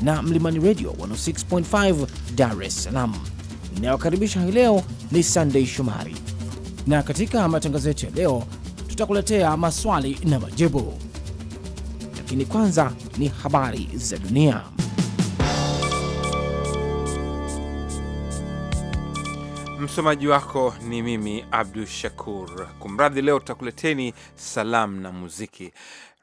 na Mlimani Radio 106.5 Dar es Salaam. Inayokaribisha hii leo ni Sunday Shomari, na katika matangazo yetu ya leo tutakuletea maswali na majibu, lakini kwanza ni habari za dunia. Msomaji wako ni mimi Abdu Shakur. Kumradhi, leo tutakuleteni salamu na muziki.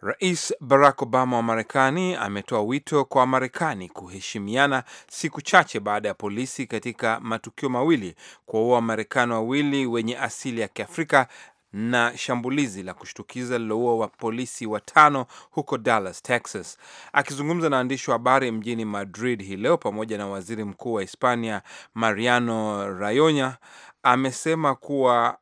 Rais Barack Obama wa Marekani ametoa wito kwa Wamarekani kuheshimiana siku chache baada ya polisi katika matukio mawili kuwaua Wamarekani wawili wenye asili ya Kiafrika na shambulizi la kushtukiza liloua wa polisi watano huko Dallas, Texas. Akizungumza na waandishi wa habari mjini Madrid hii leo pamoja na waziri mkuu wa Hispania Mariano Rayonya amesema kuwa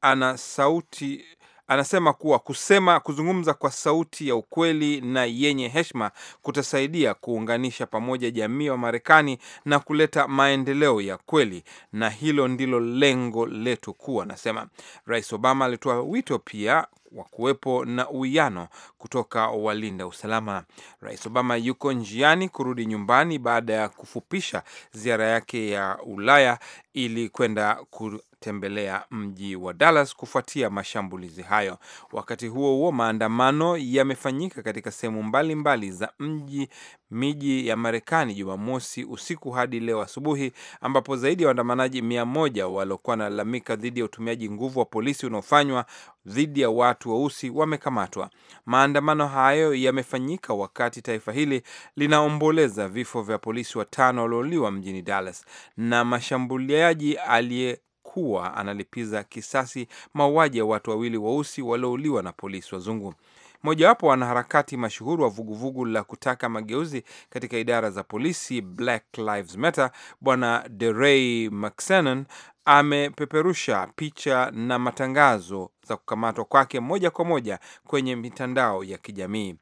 ana sauti anasema kuwa kusema, kuzungumza kwa sauti ya ukweli na yenye heshima kutasaidia kuunganisha pamoja jamii wa Marekani na kuleta maendeleo ya kweli, na hilo ndilo lengo letu kuu, anasema. Rais Obama alitoa wito pia wa kuwepo na uwiano kutoka walinda usalama. Rais Obama yuko njiani kurudi nyumbani baada ya kufupisha ziara yake ya Ulaya ili kwenda ku tembelea mji wa Dallas kufuatia mashambulizi hayo. Wakati huo huo, maandamano yamefanyika katika sehemu mbalimbali za mji miji ya Marekani Jumamosi usiku hadi leo asubuhi, ambapo zaidi ya waandamanaji mia moja waliokuwa wanalalamika dhidi ya utumiaji nguvu wa polisi unaofanywa dhidi ya watu weusi wa wamekamatwa. Maandamano hayo yamefanyika wakati taifa hili linaomboleza vifo vya polisi watano waliouliwa mjini Dallas na mashambuliaji aliye kuwa analipiza kisasi mauaji ya watu wawili weusi waliouliwa na polisi wazungu. Mojawapo wanaharakati mashuhuri wa vuguvugu la kutaka mageuzi katika idara za polisi, Black Lives Matter, Bwana DeRay McSenon amepeperusha picha na matangazo za kukamatwa kwake moja kwa moja kwenye mitandao ya kijamii.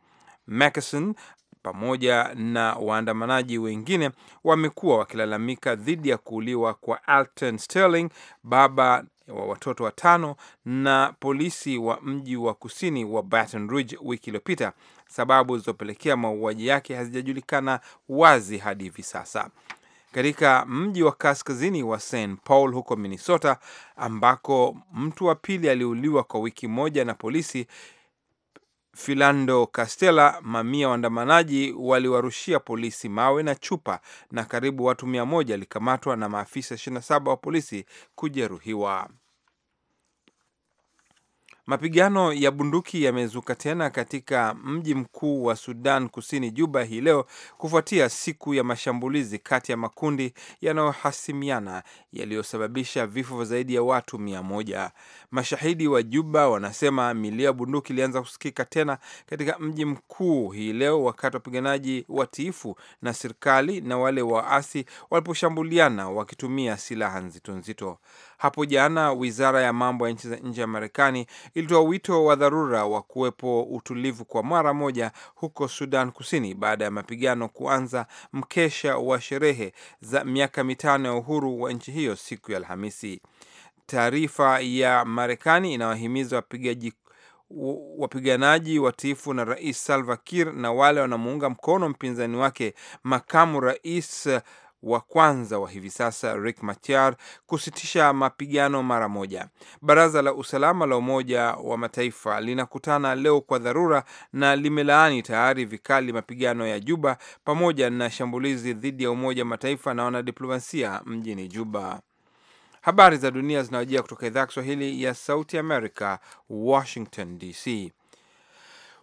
Mackeson pamoja na waandamanaji wengine wamekuwa wakilalamika dhidi ya kuuliwa kwa Alton Sterling, baba wa watoto watano, na polisi wa mji wa kusini wa Baton Rouge wiki iliyopita. Sababu zilizopelekea mauaji yake hazijajulikana wazi hadi hivi sasa. Katika mji wa kaskazini wa St Paul huko Minnesota, ambako mtu wa pili aliuliwa kwa wiki moja na polisi, filando Castella, mamia waandamanaji waliwarushia polisi mawe na chupa na karibu watu mia moja walikamatwa na maafisa 27 wa polisi kujeruhiwa. Mapigano ya bunduki yamezuka tena katika mji mkuu wa Sudan Kusini, Juba, hii leo kufuatia siku ya mashambulizi kati ya makundi yanayohasimiana yaliyosababisha vifo zaidi ya watu mia moja. Mashahidi wa Juba wanasema milio ya bunduki ilianza kusikika tena katika mji mkuu hii leo wakati wapiganaji watiifu na serikali na wale waasi waliposhambuliana wakitumia silaha nzito nzito. Hapo jana wizara ya mambo ya nchi za nje ya Marekani ilitoa wito wa dharura wa kuwepo utulivu kwa mara moja huko Sudan Kusini baada ya mapigano kuanza mkesha wa sherehe za miaka mitano ya uhuru wa nchi hiyo siku ya Alhamisi. Taarifa ya Marekani inawahimiza wapigaji wapiganaji watiifu na Rais Salva Kiir na wale wanamuunga mkono mpinzani wake makamu rais wa kwanza wa hivi sasa Riek Machar kusitisha mapigano mara moja. Baraza la usalama la Umoja wa Mataifa linakutana leo kwa dharura na limelaani tayari vikali mapigano ya Juba pamoja na shambulizi dhidi ya Umoja wa Mataifa na wanadiplomasia mjini Juba. Habari za dunia zinawajia kutoka idhaa ya Kiswahili ya Sauti Amerika, Washington DC.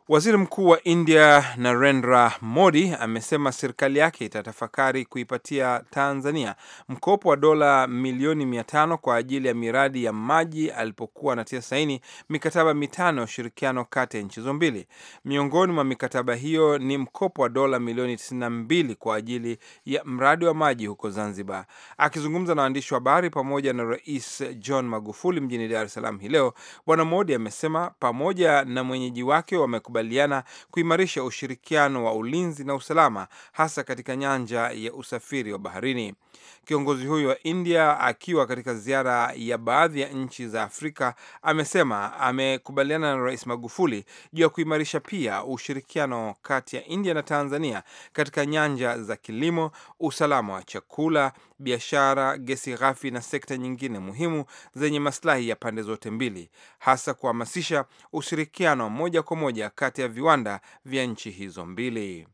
Waziri Mkuu wa India Narendra Modi amesema serikali yake itatafakari kuipatia Tanzania mkopo wa dola milioni mia tano kwa ajili ya miradi ya maji alipokuwa anatia saini mikataba mitano ya ushirikiano kati ya nchi hizo mbili. Miongoni mwa mikataba hiyo ni mkopo wa dola milioni 92 kwa ajili ya mradi wa maji huko Zanzibar. Akizungumza na waandishi wa habari pamoja na Rais John Magufuli mjini Dar es Salaam hii leo, Bwana Modi amesema pamoja na mwenyeji wake wame wamekubaliana kuimarisha ushirikiano wa ulinzi na usalama hasa katika nyanja ya usafiri wa baharini. Kiongozi huyo wa India akiwa katika ziara ya baadhi ya nchi za Afrika amesema amekubaliana na Rais Magufuli juu ya kuimarisha pia ushirikiano kati ya India na Tanzania katika nyanja za kilimo, usalama wa chakula, biashara, gesi ghafi na sekta nyingine muhimu zenye maslahi ya pande zote mbili, hasa kuhamasisha ushirikiano moja kwa moja kati ya viwanda vya nchi hizo mbili.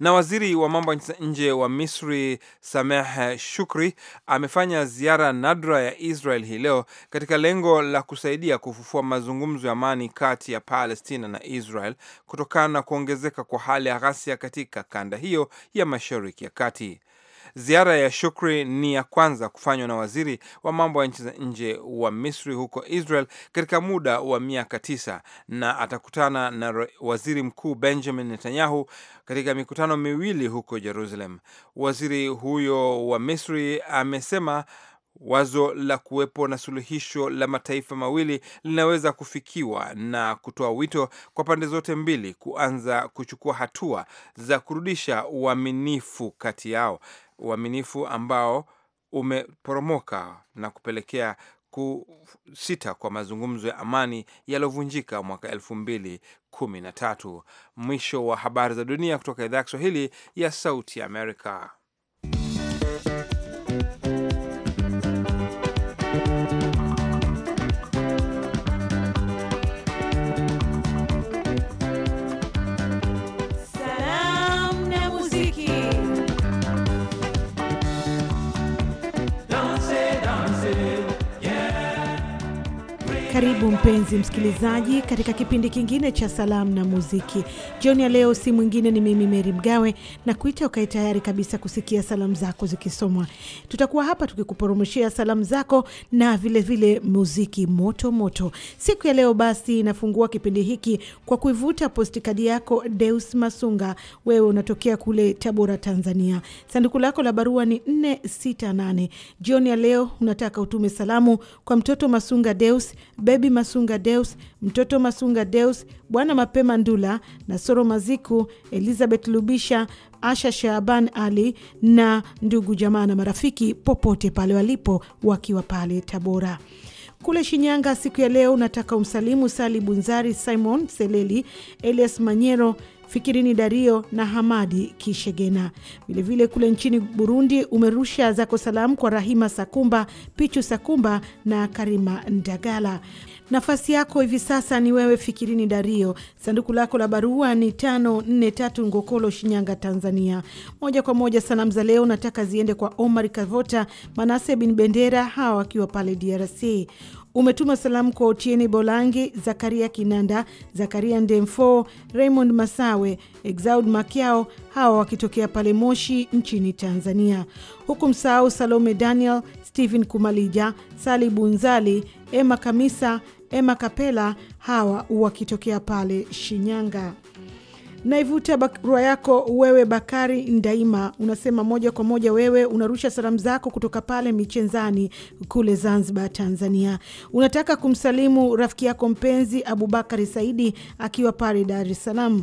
Na waziri wa mambo ya nje wa Misri Sameh Shukri amefanya ziara nadra ya Israel hii leo katika lengo la kusaidia kufufua mazungumzo ya amani kati ya Palestina na Israel kutokana na kuongezeka kwa hali ya ghasia katika kanda hiyo ya Mashariki ya Kati. Ziara ya Shukri ni ya kwanza kufanywa na waziri wa mambo ya nchi za nje wa Misri huko Israel katika muda wa miaka tisa, na atakutana na waziri mkuu Benjamin Netanyahu katika mikutano miwili huko Jerusalem. Waziri huyo wa Misri amesema Wazo la kuwepo na suluhisho la mataifa mawili linaweza kufikiwa na kutoa wito kwa pande zote mbili kuanza kuchukua hatua za kurudisha uaminifu kati yao, uaminifu ambao umeporomoka na kupelekea kusita kwa mazungumzo ya amani yaliyovunjika mwaka elfu mbili kumi na tatu. Mwisho wa habari za dunia kutoka idhaa ya Kiswahili ya Sauti ya Amerika. Karibu mpenzi msikilizaji, katika kipindi kingine cha salamu na muziki. Jioni ya leo si mwingine ni mimi Meri Mgawe na kuita ukae tayari kabisa kusikia salamu zako zikisomwa. Tutakuwa hapa tukikuporomoshea salamu zako na vilevile vile muziki moto moto siku ya leo. Basi inafungua kipindi hiki kwa kuivuta postikadi yako Deus Masunga, wewe unatokea kule Tabora, Tanzania. Sanduku lako la barua ni 468. Jioni ya leo unataka utume salamu kwa mtoto Masunga Deus, baby Abi Masunga Deus, Mtoto Masunga Deus, Bwana Mapema Ndula, Nasoro Maziku, Elizabeth Lubisha, Asha Shaaban Ali na ndugu jamaa na marafiki popote pale walipo wakiwa pale Tabora. Kule Shinyanga siku ya leo, nataka umsalimu Sali Bunzari, Simon Seleli, Elias Manyero Fikirini Dario na Hamadi Kishegena. Vilevile kule nchini Burundi umerusha zako salamu kwa Rahima Sakumba, Pichu Sakumba na Karima Ndagala. Nafasi yako hivi sasa ni wewe Fikirini Dario. Sanduku lako la barua ni 543 Ngokolo, Shinyanga, Tanzania. Moja kwa moja salamu za leo nataka ziende kwa Omar Kavota, Manase bin Bendera, hawa wakiwa pale DRC. Umetuma salamu kwa Otieni Bolangi, Zakaria Kinanda, Zakaria Ndemfo, Raymond Masawe Masawe, Exaud Makiao, hawa wakitokea pale Moshi nchini Tanzania, huku msahau Salome Daniel, Stephen Kumalija, Sali Bunzali, Emma Kamisa, Emma Kapela, hawa wakitokea pale Shinyanga. Naivuta barua yako wewe Bakari Ndaima, unasema moja kwa moja wewe unarusha salamu zako kutoka pale Michenzani kule Zanzibar, Tanzania. Unataka kumsalimu rafiki yako mpenzi Abubakari Saidi akiwa pale Dar es Salaam.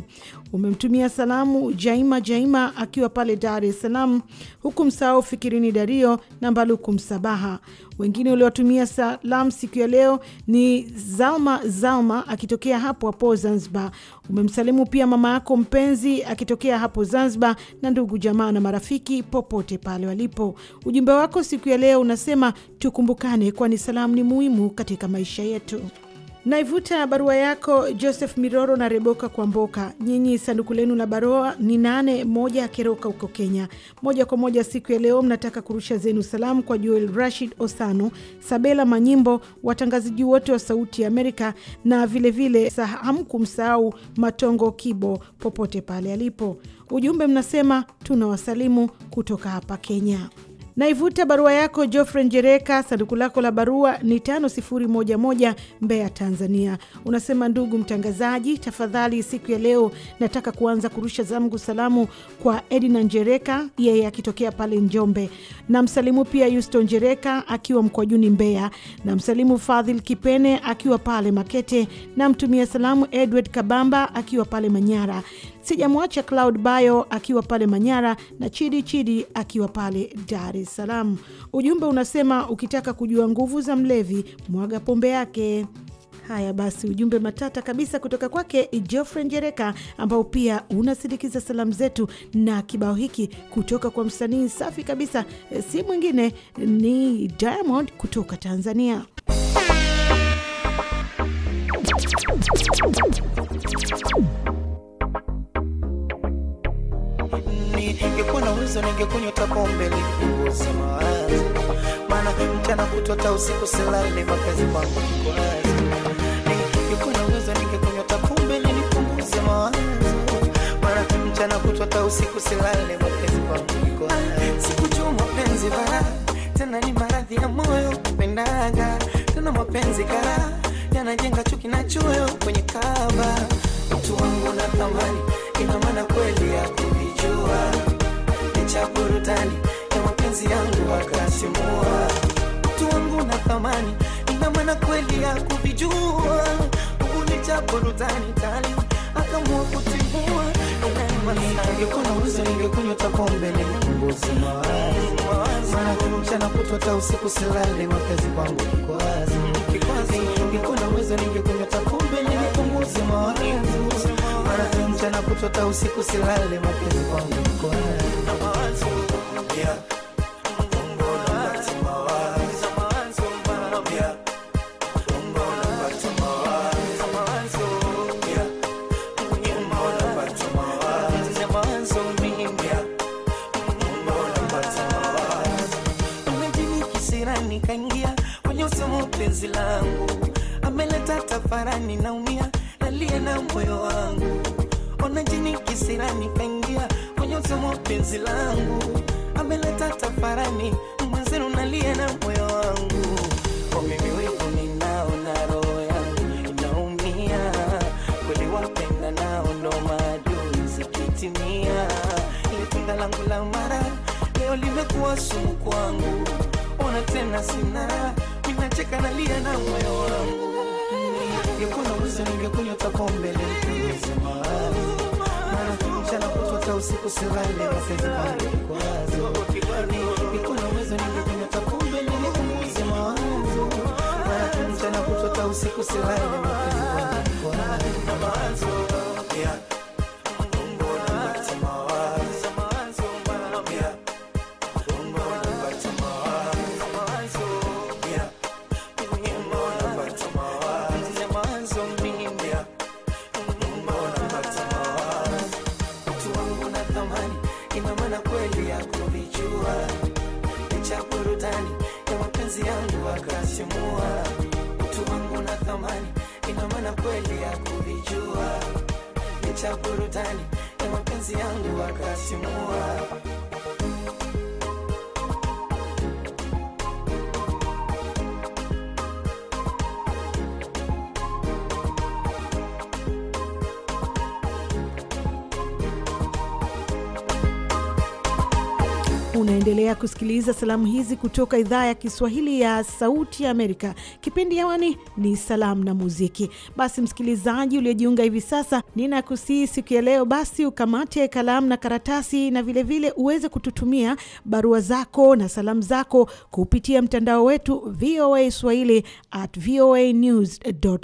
Umemtumia salamu Jaima Jaima akiwa pale Dar es Salaam, huku msahau Fikirini Dario na Mbaluku Msabaha. Wengine waliowatumia salamu siku ya leo ni Zalma Zalma akitokea hapo hapo Zanzibar. Umemsalimu pia mama yako mpenzi akitokea hapo Zanzibar na ndugu jamaa na marafiki popote pale walipo. Ujumbe wako siku ya leo unasema tukumbukane, kwani salamu ni muhimu katika maisha yetu. Naivuta barua yako Joseph Miroro na Reboka Kwamboka. Nyinyi sanduku lenu la barua ni nane moja Keroka huko Kenya. Moja kwa moja siku ya leo mnataka kurusha zenu salamu kwa Joel Rashid Osano, Sabela Manyimbo, watangazaji wote wa Sauti ya Amerika na vilevile kumsahau Matongo Kibo popote pale alipo. Ujumbe mnasema tunawasalimu kutoka hapa Kenya. Naivuta barua yako Jofre Njereka, sanduku lako la barua ni 5011 Mbeya, Tanzania. Unasema, ndugu mtangazaji, tafadhali siku ya leo nataka kuanza kurusha zangu salamu kwa Edina Njereka, yeye akitokea pale Njombe. Namsalimu pia Yusto Njereka akiwa Mkwajuni, Mbeya. Namsalimu Fadhil Kipene akiwa pale Makete. Namtumia salamu Edward Kabamba akiwa pale Manyara. Sijamwacha Cloud Bio akiwa pale Manyara na Chidi Chidi akiwa pale Dar es Salaam. Ujumbe unasema ukitaka kujua nguvu za mlevi mwaga pombe yake. Haya basi, ujumbe matata kabisa kutoka kwake Geoffrey Njereka, ambao pia unasindikiza salamu zetu na kibao hiki kutoka kwa msanii safi kabisa, si mwingine ni Diamond kutoka Tanzania. Ningekuwa na uwezo ningekunywa pombe nipunguze mawazo, maana mchana kutota usiku silali, ni mapenzi kwangu kikwazo. Ningekuwa na uwezo ningekunywa pombe nipunguze mawazo, maana mchana kutota usiku silali, ni mapenzi kwangu kikwazo. Sikujua mapenzi bara tena ni maradhi ya moyo kupendaga tena mapenzi kara yanajenga chuki na chuyo kwenye kaba mtu wangu na thamani ina maana kweli ya kuvijua cha burudani ya mapenzi yangu wakati mua mtu wangu na thamani ina maana kweli ya kuvijua kipindi cha burudani tali akaamua kutimua ningekuwa nauza ningekunywa takombe nikumbuzi mara kwa mchana kutwa hata usiku silale mapenzi kwangu kikwazi ningekuwa nauza ningekunywa takombe nikumbuzi mawazi mwana mchana kutota usiku silale, mapenzi kwangu mkoani penzi langu ameleta tafarani naumia aliye na moyo wangu, ona jini kisirani kaingia kwenye utumo penzi langu, ameleta tafarani mwenzenu nalie na moyo wangu, kwa mimi wivu langu la mara leo limekuwa sumu kwangu, ona tena sina minacheka nalia na moyo wangu Ningekunywa uzi, ningekunywa takombe mchana kutwa usiku silale, mapenzi wangu kwazo. Ningekunywa uzi, ningekunywa takombe mchana kutwa usiku silale, mapenzi wangu kwazo. kusikiliza salamu hizi kutoka idhaa ya Kiswahili ya Sauti ya Amerika kipindi hewani ni salamu na muziki. Basi msikilizaji uliojiunga hivi sasa, ninakusihi siku ya leo basi ukamate kalamu na karatasi, na vilevile vile uweze kututumia barua zako na salamu zako kupitia mtandao wetu VOA Swahili at VOA News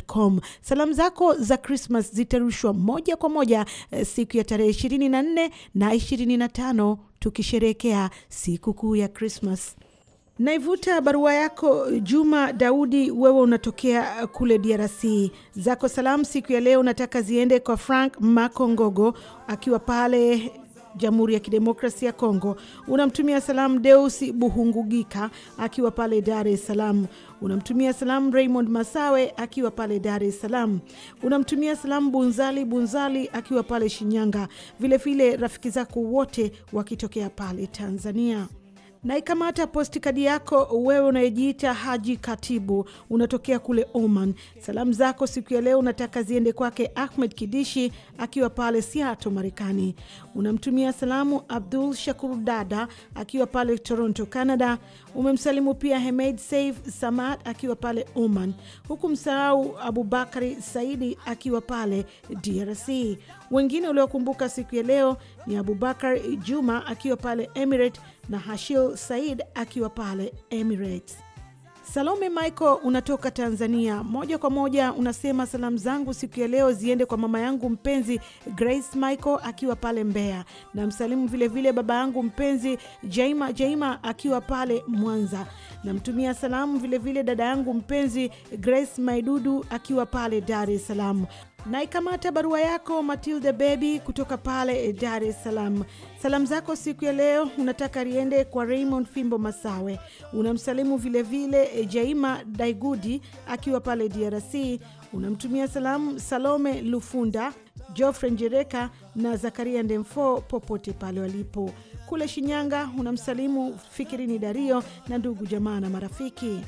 com. Salamu zako za Krismas zitarushwa moja kwa moja eh, siku ya tarehe ishirini na na na tano tukisherekea sikukuu ya Krismas. Naivuta barua yako Juma Daudi, wewe unatokea uh, kule DRC. Zako salamu siku ya leo unataka ziende kwa Frank Makongogo akiwa pale Jamhuri ya Kidemokrasia ya Kongo. Unamtumia salamu Deusi Buhungugika akiwa pale Dar es Salaam. Unamtumia salamu Raymond Masawe akiwa pale Dar es Salaam. Unamtumia salamu Bunzali Bunzali akiwa pale Shinyanga, vilevile rafiki zako wote wakitokea pale Tanzania. Naikamata posti kadi yako wewe unayejiita Haji Katibu, unatokea kule Oman. Salamu zako siku ya leo unataka ziende kwake Ahmed Kidishi akiwa pale Seattle, Marekani. Unamtumia salamu Abdul Shakur Dada akiwa pale Toronto, Canada. Umemsalimu pia Hemed Saif Samad akiwa pale Oman, huku msahau Abubakari Saidi akiwa pale DRC. Wengine uliokumbuka siku ya leo ni Abubakar Juma akiwa pale Emirate na Hashil Said akiwa pale Emirates. Salome Michael unatoka Tanzania, moja kwa moja unasema salamu zangu siku ya leo ziende kwa mama yangu mpenzi Grace Michael akiwa pale Mbeya, na msalimu vilevile baba yangu mpenzi Jaima Jaima akiwa pale Mwanza, namtumia salamu vilevile dada yangu mpenzi Grace Maidudu akiwa pale Dar es Salaam. Naikamata barua yako Matilde bebi kutoka pale Dar es Salaam. Salamu zako siku ya leo unataka riende kwa Raymond Fimbo Masawe, unamsalimu vilevile vile eh, Jaima Daigudi akiwa pale DRC, unamtumia salamu Salome Lufunda, Geoffrey Njereka na Zakaria Ndemfo popote pale walipo. Kule Shinyanga unamsalimu Fikirini Dario na ndugu jamaa na marafiki.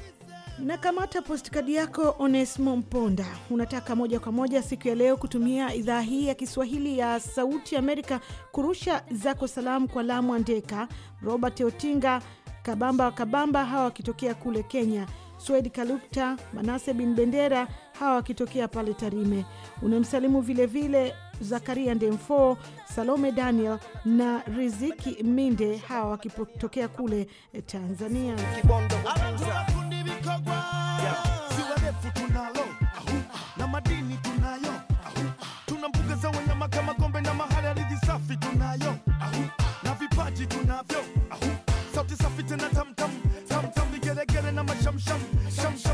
Nakamata postkadi yako Onesmo Mponda, unataka moja kwa moja siku ya leo kutumia idhaa hii ya Kiswahili ya Sauti Amerika kurusha zako salamu kwa Lamu Andeka, Robert Otinga, Kabamba wa Kabamba, hawa wakitokea kule Kenya, Swedi Kalukta, Manase bin Bendera, hawa wakitokea pale Tarime. Unamsalimu vilevile Zakaria Ndemfo, Salome Daniel na Riziki Minde, hawa wakitokea kule eh, Tanzania. Kibondo. Mtogwa, ziwa refu tunalo na madini tunayo, tuna mbuga za wanyama kama Gombe na mahali ardhi safi tunayo, na vipaji tunavyo, sauti safi tena tamtam tamtam, vigelegele na mashamsham shamsham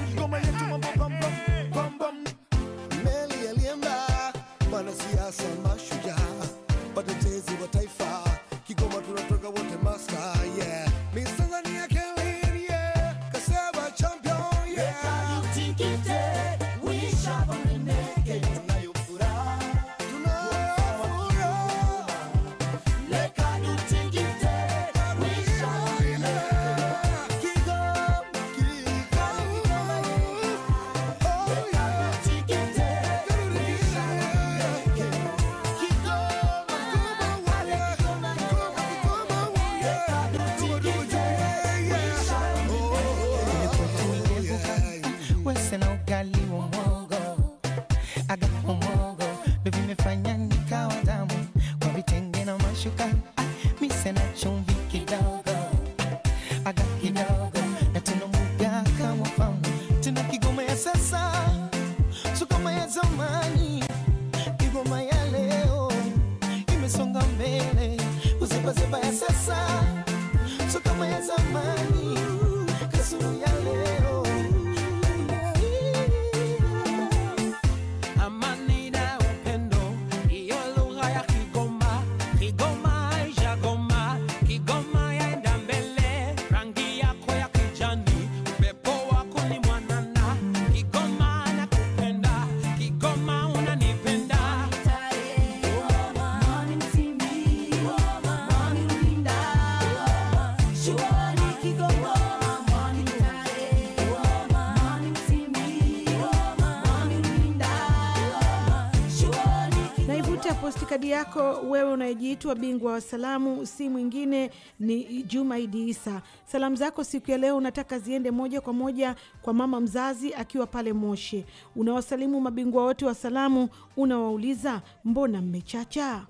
machucar. Posti kadi yako wewe unayejiitwa bingwa wa salamu, si mwingine ni Juma Idi Isa. Salamu zako siku ya leo unataka ziende moja kwa moja kwa mama mzazi akiwa pale Moshi. Unawasalimu mabingwa wote wa salamu, unawauliza mbona mmechacha?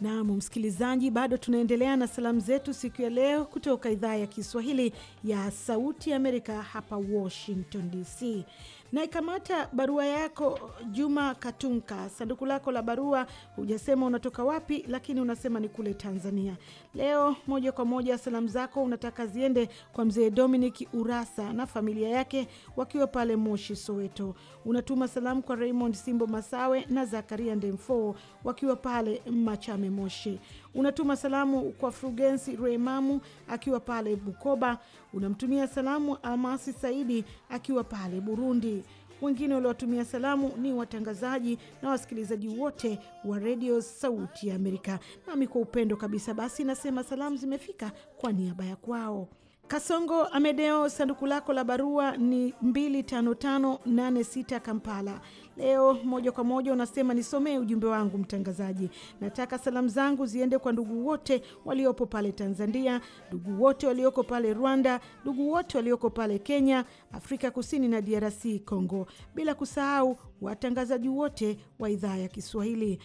Naam, msikilizaji, bado tunaendelea na salamu zetu siku ya leo kutoka idhaa ya Kiswahili ya Sauti ya Amerika hapa Washington DC. Naikamata barua yako Juma Katunka, sanduku lako la barua hujasema unatoka wapi, lakini unasema ni kule Tanzania. Leo moja kwa moja salamu zako unataka ziende kwa mzee Dominic Urasa na familia yake wakiwa pale Moshi, Soweto. Unatuma salamu kwa Raymond Simbo Masawe na Zakaria Ndemfo wakiwa pale Machame, Moshi. Unatuma salamu kwa Frugensi Remamu akiwa pale Bukoba. Unamtumia salamu Amasi Saidi akiwa pale Burundi. Wengine waliowatumia salamu ni watangazaji na wasikilizaji wote wa redio Sauti ya Amerika. Nami kwa upendo kabisa basi nasema salamu zimefika kwa niaba ya kwao. Kasongo Amedeo, sanduku lako la barua ni 25586 Kampala. Leo moja kwa moja unasema nisomee ujumbe wangu mtangazaji. Nataka salamu zangu ziende kwa ndugu wote waliopo pale Tanzania, ndugu wote walioko pale Rwanda, ndugu wote walioko pale Kenya, Afrika Kusini na DRC Congo, bila kusahau watangazaji wote wa idhaa ya Kiswahili.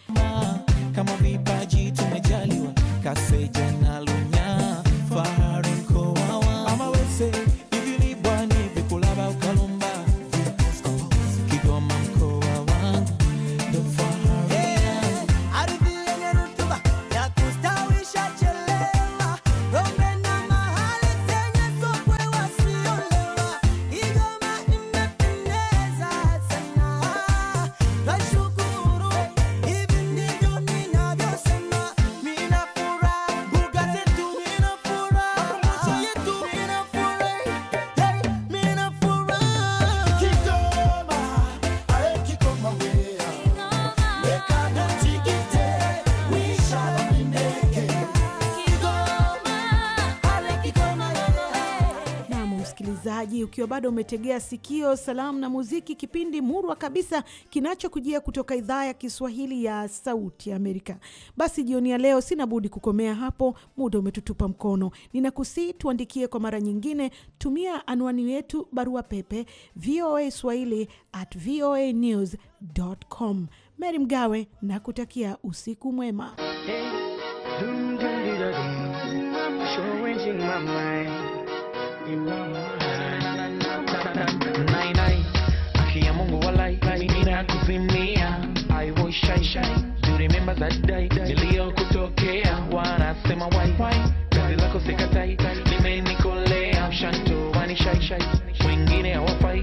Kama vipaji tumejaliwa kaseja na lunya ukiwa bado umetegea sikio salamu na muziki, kipindi murwa kabisa kinachokujia kutoka idhaa ya Kiswahili ya Sauti ya Amerika. Basi jioni ya leo sina budi kukomea hapo, muda umetutupa mkono. Ninakusii tuandikie kwa mara nyingine, tumia anwani yetu barua pepe voa swahili at voa news com. Meri Mgawe na kutakia usiku mwema. Hey, kuzimia I was shy shy you remember that day niliyokutokea wanasema why why kazi lako sikatai limenikolea mshanto wani shy shy wengine hawafai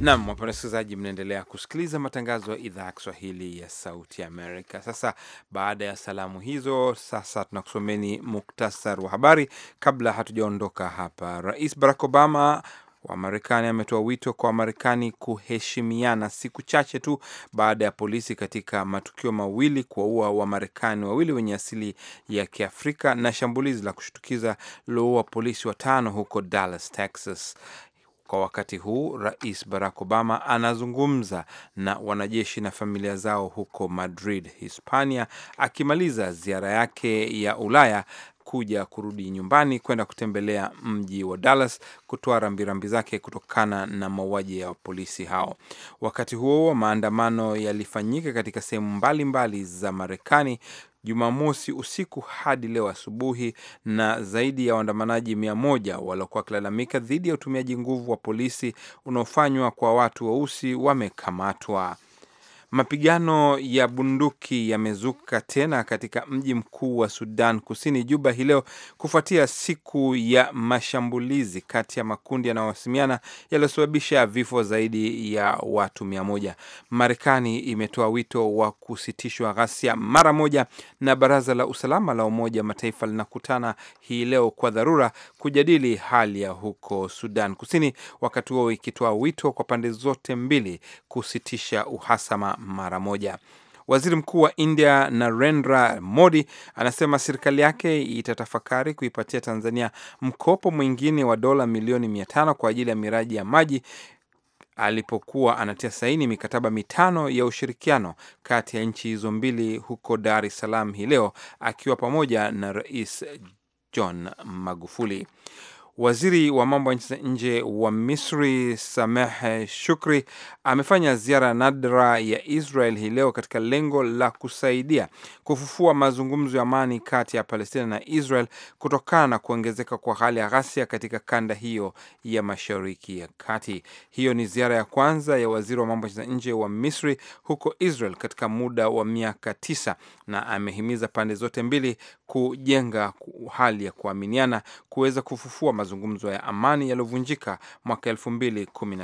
Nam, wapenda wasikilizaji, mnaendelea kusikiliza matangazo ya idhaa ya Kiswahili ya Sauti Amerika. Sasa baada ya salamu hizo, sasa tunakusomeni muktasar wa habari kabla hatujaondoka hapa. Rais Barack Obama wa Marekani ametoa wito kwa Wamarekani kuheshimiana siku chache tu baada ya polisi katika matukio mawili kuwaua Wamarekani wawili wenye asili ya Kiafrika na shambulizi la kushtukiza liloua polisi watano huko Dallas, Texas. Kwa wakati huu Rais Barack Obama anazungumza na wanajeshi na familia zao huko Madrid, Hispania, akimaliza ziara yake ya Ulaya kuja kurudi nyumbani kwenda kutembelea mji wa Dallas kutoa rambirambi zake kutokana na mauaji ya polisi hao. Wakati huo maandamano yalifanyika katika sehemu mbalimbali za Marekani Jumamosi usiku hadi leo asubuhi, na zaidi ya waandamanaji mia moja waliokuwa wakilalamika dhidi ya utumiaji nguvu wa polisi unaofanywa kwa watu weusi wamekamatwa. Mapigano ya bunduki yamezuka tena katika mji mkuu wa Sudan Kusini, Juba, hii leo kufuatia siku ya mashambulizi kati ya makundi yanayohasimiana yaliyosababisha vifo zaidi ya watu mia moja. Marekani imetoa wito wa kusitishwa ghasia mara moja, na Baraza la Usalama la Umoja wa Mataifa linakutana hii leo kwa dharura kujadili hali ya huko Sudan Kusini, wakati huo ikitoa wito kwa pande zote mbili kusitisha uhasama mara moja. Waziri Mkuu wa India Narendra Modi anasema serikali yake itatafakari kuipatia Tanzania mkopo mwingine wa dola milioni mia tano kwa ajili ya miradi ya maji alipokuwa anatia saini mikataba mitano ya ushirikiano kati ya nchi hizo mbili huko Dar es Salaam hii leo akiwa pamoja na Rais John Magufuli. Waziri wa mambo ya nje wa Misri Sameh Shukri amefanya ziara nadra ya Israel hii leo katika lengo la kusaidia kufufua mazungumzo ya amani kati ya Palestina na Israel kutokana na kuongezeka kwa hali ya ghasia katika kanda hiyo ya Mashariki ya Kati. Hiyo ni ziara ya kwanza ya waziri wa mambo ya nje wa Misri huko Israel katika muda wa miaka tisa, na amehimiza pande zote mbili kujenga hali ya kuaminiana kuweza kufufua mazungumzo ya amani yaliyovunjika mwaka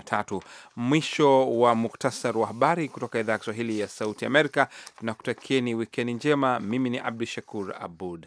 tatu. Mwisho wa muktasar wa habari kutoka idhaa ya Kiswahili ya Sauti Amerika. Tunakutakieni wikendi njema. Mimi ni Abdu Shakur Abud.